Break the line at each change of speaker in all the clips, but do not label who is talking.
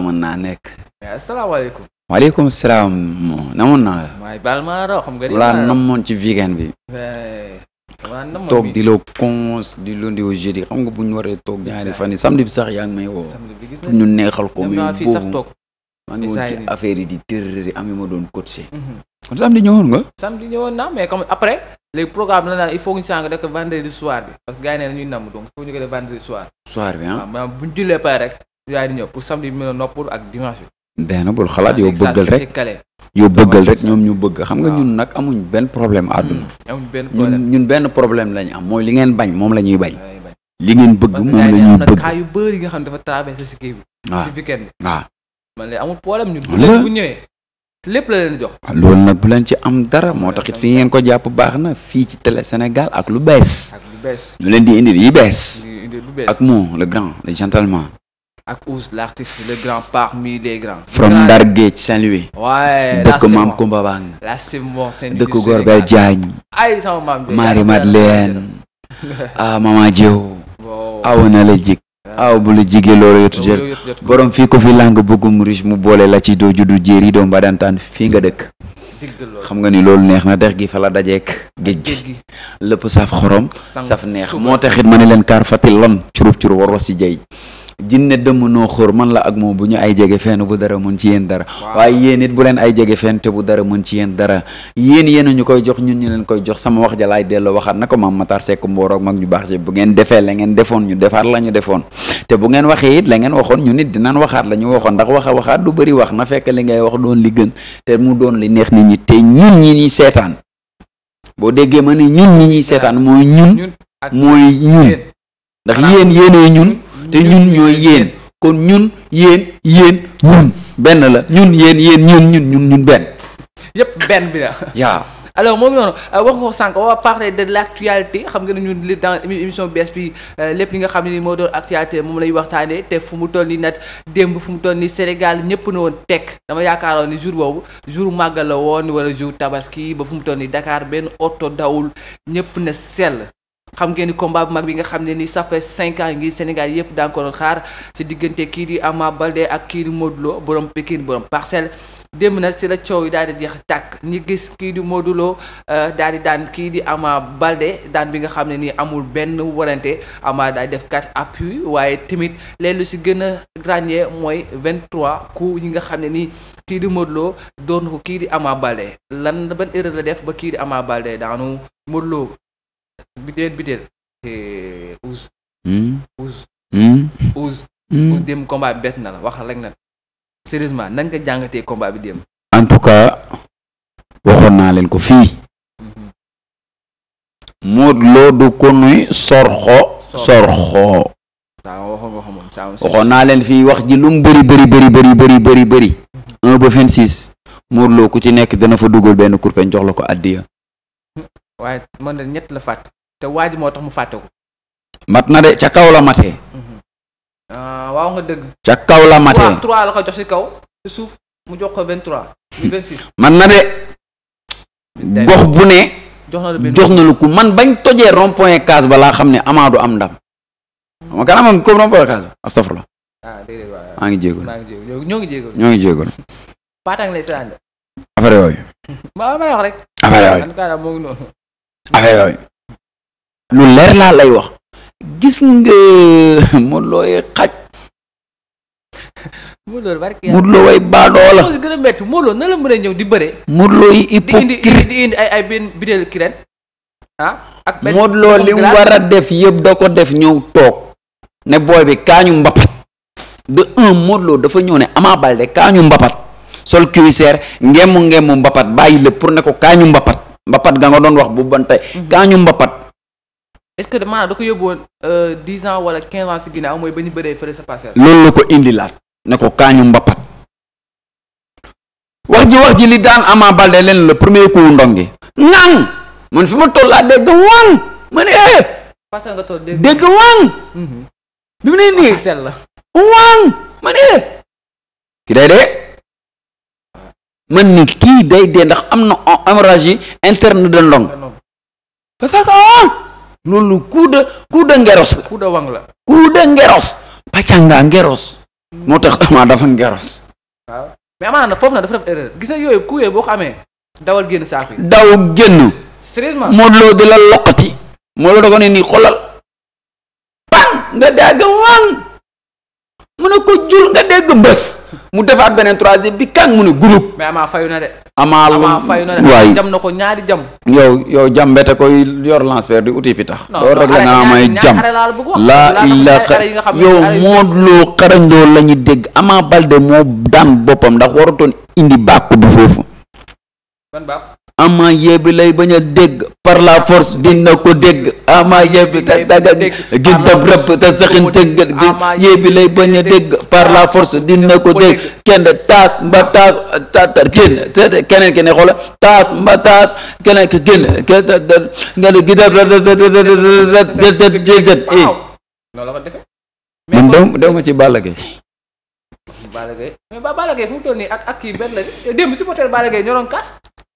mën naa nekk.
asalaamaaleykum.
waaleykum salaam. namoon naa
waaye baal maa raw xam nga. laa
ci weekend bi.
waaw eh, namoon bi toog di la
cons du lundi au jeudi xam nga bu ñu waree toog ñaari fan yi samedi bi sax yaa ngi may woo. pour ñu neexal ko. mais boobu maa ngi woon ci affaire yi di tërëri am yi ma doon coaché. Mhm. kon samedi ñëwoon nga.
samedi ñëwoon naa mais comme après. léegi programme la naan il faut que ñu sànq def ko vendredi soir bi parce que gars yi ne dañuy namm donc il faut ñu ah, jullee pare rek. yaa di ñëw pour samedi a noppul
ak dimanche bi. benn bul xalaat yow bëggal rek yow ñoom ñu bëgg xam nga ñun nag amuñ benn problème hmm. àdduna. amuñ benn problème ñun benn problème lañ am mooy li ngeen bañ moom la ñuy bañ. li ngeen bëgg moom la ñuy bëgg
cas yu bëri nga xam dafa traversé si kii bi. waaw ah. si weekend bi waaw. Ah. man lay amul problème leen bu ñëwee lépp la leen jox. waaw ah, loolu
nag bu leen ci am dara moo tax it fi ngeen ko jàpp baax na fii ci télé Sénégal ak lu bees. ak ñu leen di indi yi bees. ak moom le grand le gentleman.
ak Ousse l' artiste le grand from Ndar Géej seen louis waaye dëkk maam Kumba Bang. la Simon
Saint-Louis dëkk Gorgel Diagne. ay sama maam Diagne Mama Diou. aw na la jig. aw bu la jigee loolu yotu jël borom fii ko fi làng bëggum riche mu boole la ci doo juddu yi doo mbadantaan fii nga dëkk. xam nga ni loolu neex na dex gi fa la dajeek géej gi lépp saf xorom. saf neex moo taxit ma ne leen kaar fatil lon curub curub war was si jay jinne dëmm noo xóor man la ak moom bu ñu ay jege fenn bu dara mën ci yéen dara waaye yéen it bu leen ay jege fenn te bu dara mën ci yéen dara yéen yéen ñu koy jox ñun ñu leen koy jox sama wax ja laay delloo waxaat na ko maam Matar Seck mbooroog mag ñu baax ci bu ngeen defee la ngeen defoon ñu defaat la ñu defoon te bu ngeen waxee it la ngeen waxoon ñu nit dinañ waxaat la ñu waxoon ndax waxa waxaat du bëri wax na fekk li ngay wax doon li gën te mu doon li neex nit te ñun ñi ñuy seetaan boo déggee ma ne ñun ñi seetaan mooy ñun mooy ñun ndax yéen yéenee ñun te ñun ñooy yéen kon ñun yéen yéen ñun la ñun yéen yéen ñun ñun ñun ñun benn. yëpp benn bi la. waaw
alors moo ngi noonu euh, wax ko sànq on va parler de l' actualité xam nga ne ñun li dans émission bees bi euh, lépp li nga xam ne moo doon actualité moom lay waxtaanee te fu mu toll nii nag démb fu mu toll nii Sénégal ñëpp na woon tekk dama yaakaaroon ni jour boobu jour màggal la woon wala jour tabaski ba fu mu toll nii dakaar benn orto dawul ñëpp na sell. xam ngeen ni combat bu mag bi nga xam ne ni ça fait cinq ans ngi Sénégal yëpp daan ko xaar si diggante kii di amaa Baldé ak kii di Modou Lo borom Pikine borom Parcelles démb na si la coow yi daal di jeex tàkk ñi gis kii di Modou euh, daal di daan kii di Ama Baldé daan bi nga xam ne nii amul benn warante Ama daal def quatre appui waaye tamit leen lu si gën a ràññee mooy vingt-trois coups yi nga xam ne ni kii di Modou Lo doon ko kii di Ama Baldé lan ban erreur la def ba kii di Ama Baldé daanu Modou bi leen biteel eh, Ouz.
Hmm? Ouz. Hmm?
Ouz. Hmm? Ouz dem bi na la wax rek na sérieusement nan nga jàngatee combat bi dem.
en tout cas waxoon naa leen ko fii. Mhm. Modou Lo du ko nuy sorxo. sorxo waxoon naa leen fii wax ji lu mu bari bëri bëri bëri bëri mhm. un ba vingt six. Modou Lo ku ci nekk dana fa dugal benn kurpeñ jox la ko addiya
mhm. waaye mën na ñett la fàtte te waa ji moo tax mu fàtte ko.
mat na de ca kaw la matee.
Mhm. Ah, waaw nga dëgg.
ca kaw la matee
3 la ko jox kaw suuf mu jox ko 23. Hmm.
man na de. gox bu ne. jox na lu jox na lu ku man bañ tojee rond case ba laa xam ne amaadu am ndam. xam hmm. nga kanam moom comme rond case ba astafurlah. ah maa ngi jéegul maa ngi
jéegul ñoo ñoo ngi jéegul. Paatang lay
affaire yooyu lu leer laa lay wax gis nga Modou Lo xaj
Modou gën a métti Modou Lo na ñëw di bëre Modou Lo yi hypocrite di indi ah,
li war a def yëpp da ko def ñëw toog ne booy bi kaañu mbapat de un Modou dafa ñëw ne Ama Baldé kaañu mbapat sol cuissère ngemu ngemu mbapat bàyyi lépp pour ne ko kaañu mbapat mbapat gaa nga doon wax bu ban tey. quand ñu
ce que maanaam da ko yóbbu woon euh, dix ans wala quinze ans mooy ba ñu bëree fële sa passé. loolu
la ko indi laat ne ko kaañu ñu wax ji wax ji li daan Ama Baldé leen le premier coup ndongi. nang man fi ma toll dégg wang ma ne eh.
parce que nga toll dégg dégg wang.
Mhm. bi mu ne nii. sell la wang ma ne. Eh! ki day dee. man ni kii day dee ndax am na hémorragie interne de ndong que ah loolu coup de coup ngeros la. coup de wang la. ngeros. moo tax ama dafa ngeros.
foofu nag dafa def erreur boo ko dawal génn saako yi.
daw génn.
sérieusement Modou Lo la
loqati. moo la dogoon ne nii xoolal. bang nga dagg wang. mu ne ko jur nga dégg mbës mu defaat beneen troisième bi kan mu ne groupe. mais jam na ko ñaari jam. yow yow jam koy yor lancer di uti fi tax. loolu rek la nga may jam
laa ilaha yow moo
loo xarañ loolu la dégg amaa Balde moo daan boppam ndax warutoon indi bàkku bi foofu. ama yebbi lay bañ a dégg par la force dina ko dégg ama yebbi te dagan gi dab rëbb te saxin tëngal gi yebbi lay bañ a dégg par la force dina ko dégg kenn taas mba taas tatar génn keneen keneen xoola taas mba taas keneen ke génn gi dab rëbb jëjët i man dew dew ma ci Balla Gaye
Balla Gaye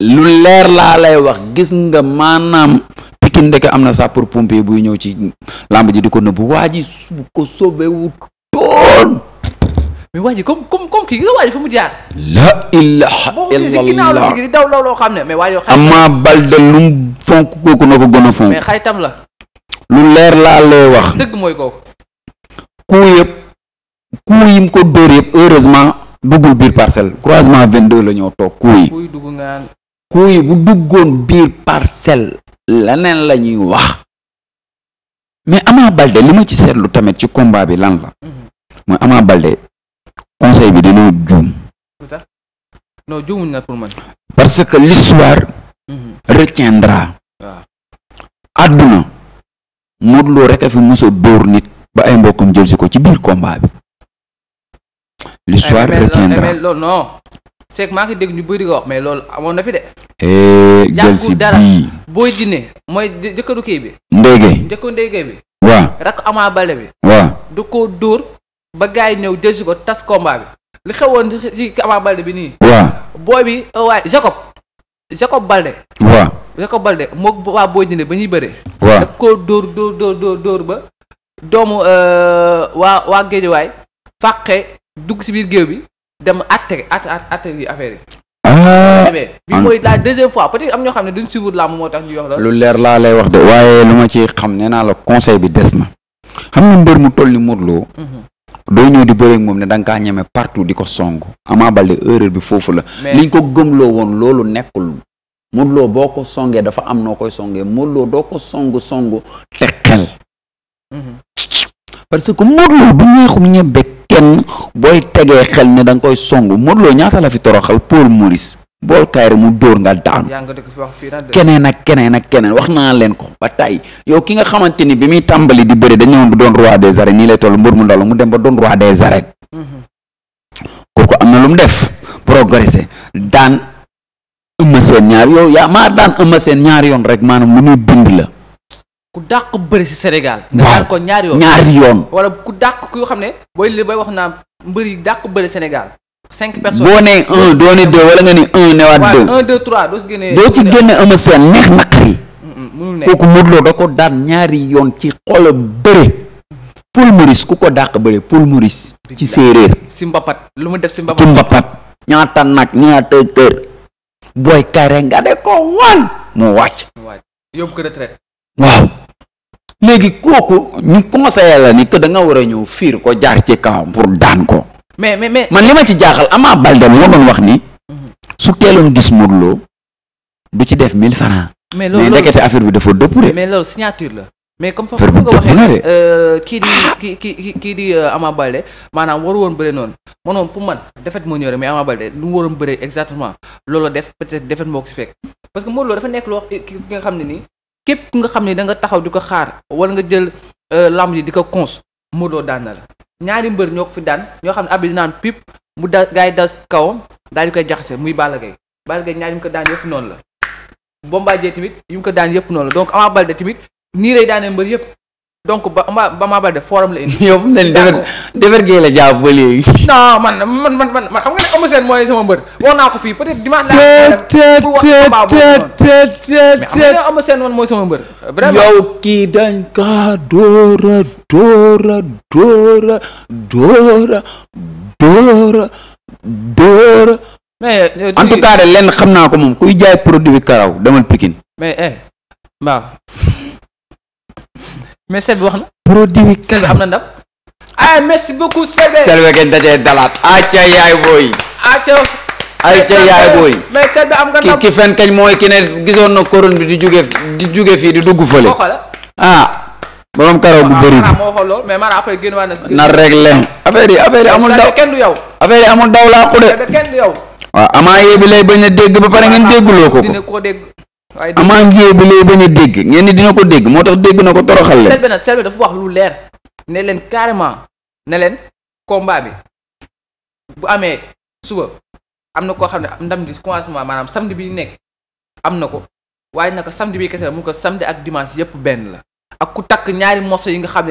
lu leer laa lay wax gis nga maanaam Pikine ndeke am na sapeur pompier buy ñëw ci làmb ji di ko nëbbu waa ji
bu ko sauvé wu mais waa ji comme mu jaar.
la ilaha illallah boo
daw loo xam ne mais waa yow. Ama
Baldé lu mu fonk kooku na ko gën fonk. lu leer laa lay wax. dëgg yëpp kuu yi mu ko dóor yëpp heureusement duggul biir parcelle croisement 22 la toog kuu yi. kuuy bu duggoon biir parcelle leneen la ñuy wax mais Ama Baldé li ma ci seetlu tamit ci combat bi lan la mhm. mooy Ama Baldé conseil bi dañoo juum non parce que l'histoire mhm. retiendra àdduna Modou Lo a fi mos dóor nit ba ay mbokkam jël ko ci biir combat bi l'histoire retiendra
Seck maa ngi dégg ñu bëri ko wax mais loolu amoon na fi de.
Eh, jël si dara
booy dine mooy jëkkëru kii bi. ndéygay njëkko ndéygay bi. waaw rakk Ama Baldé bi. waaw du ko dóor ba gars yi ñëw jësi ko tas combat bi li xewoon si Ama Baldé bi nii. waaw booy bi euh, waay Jacob. Jacob Baldé. waaw Jacob Baldé moog waa booy dine ba ñuy bëree. waaw da koo dóor dóor dóor dóor ba doomu euh, waa géejuwaay fàqe dugg si biir géew bi. dem atte atte
ah. mooy la
deuxième fois peut am ñoo xam ne duñ suivre làmb moo tax ñu yox lu
leer laa lay wax de waaye lu ma ci xam nee naa la conseil bi des na. xam nga mbër mu toll ni Modou Lo. Mhm. doo ñëw di bëreeg moom ne da nga kaa ñeme partout di ko song. Ama Baldé erreur bi foofu la. liñ ko gëmloo woon loolu nekkul. Modou boo ko songee dafa am noo koy songee Modou Lo doo ko song song te xel. Mhm. parce que Modou Lo du ñuy kenn booy tegee xel ne da nga koy song Modou Lo ñaata la fi toroxal Paul Maurice bool kayri mu dóor nga daanu keneen ak keneen ak keneen wax naa leen ko ba tey yow ki nga xamante ni bi muy tàmbali di bëri dañu bu doon roi des arènes nii lay toll mbër mu ndaw la mu dem ba doon roi des arènes mhm. kooku am na lu mu def progressé daan ëmma seen ñaar yow yaa maa daan ëmma seen ñaar yoon rek maanaam lu muy bind la
ku dàq bëri si Sénégal. nga ko ñaari yoon ñaari yoon. wala ku dàq ku xam ne. booy li bay wax yi dàq bëri Sénégal. cinq personnes boo nee un doo ne deux wala nga ne un newaat deux. un deux doo ci génne
Eumeu Sène neex naqari. mënul nekk da ko daan ñaari yoon ci xolam bëre. Paul Maurice ku ko dàq bëre Paul Maurice. ci séeréer. si
mbapat lu ma def
si mbapat. ci mbapat ñaata nag ñaata kër. booy kare nga de ko wan mu wàcc.
waaw.
léegi kooku ñu conseillé la ni que da nga war a ñëw fiir ko jaar ci kawam pour daan ko.
mais mais mais man li ma
ci jaaxal Ama Baldé moo doon wax ni. su teeloon gis Modou Lo du ci def 1000 francs mais loolu bi dafa dëpp de.
mais loolu signature la. mais comme foofu nga waxee euh, kii di kii kii kii di euh, Ama Baldé maanaam waru woon bari noonu manoon pour man defet moo ñëw rek mais Ama Baldé lu mu waroon bëre exactement loolu def peut-être defet moo ko si fekk parce que Modou dafa nekk loo ki nga xam ne nii képp ku nga xam ni da nga taxaw di ko xaar wala nga jël euh, lamb ji di ko cons Modou daan na la ñaari mbër ñoo ko fi daan ñoo xam ne abi dinaan pip mu da gaay das kawam daa di koy jaxase muy Balla Gaye Balla Gaye ñaari mu ko daan yëpp noonu la Bombardier tamit yu mu ko daan yëpp noonu la donc Ama Baldé tamit nii lay daanee mbër yëpp donc ba ma ba maa de forum la indi. yow fu ne nii defar
defar gee la jàpp ba léegi.
man man man man xam nga ne Eumeu Sène mooy pour wax combat boobu man mooy sama mbër. vraiment yow kii dañ kaa doora
doora doora doora doora doora. mais euh, en lenn xam naa ko moom kuy jaay produit bi karaw demal Pikine. mais eh waaw. mais Selbé wax na. produit Selbé am na ndam.
ah merci beaucoup Selbé.
acca yaay booy.
Ah,
am nga ki fen kañ mooy ki ne gisoon na korone bi di jóge di jóge fii di dugg fële. ah. borom karaw bu ah, bëri bi
moo xool lool mais man amul daw kenn du yow.
affaire yi amul amaa yee bi bañ a dégg ba pare ngeen dégguloo ko ko. waaye Ama Ndié bi lay bañ a dégg ngeen ni dina ko dégg moo tax dégg na ko toroxal leen. Selbé
nag Selbé dafa wax lu leer nee leen carrément ne leen combat bi bu amee suba am na koo xam ne ndam di commencement maanaam samedi bi nekk am na ko waaye naka samedi bi kese la mu ko samedi ak dimanche yëpp benn la ak ku takk ñaari morceau yi nga xam ne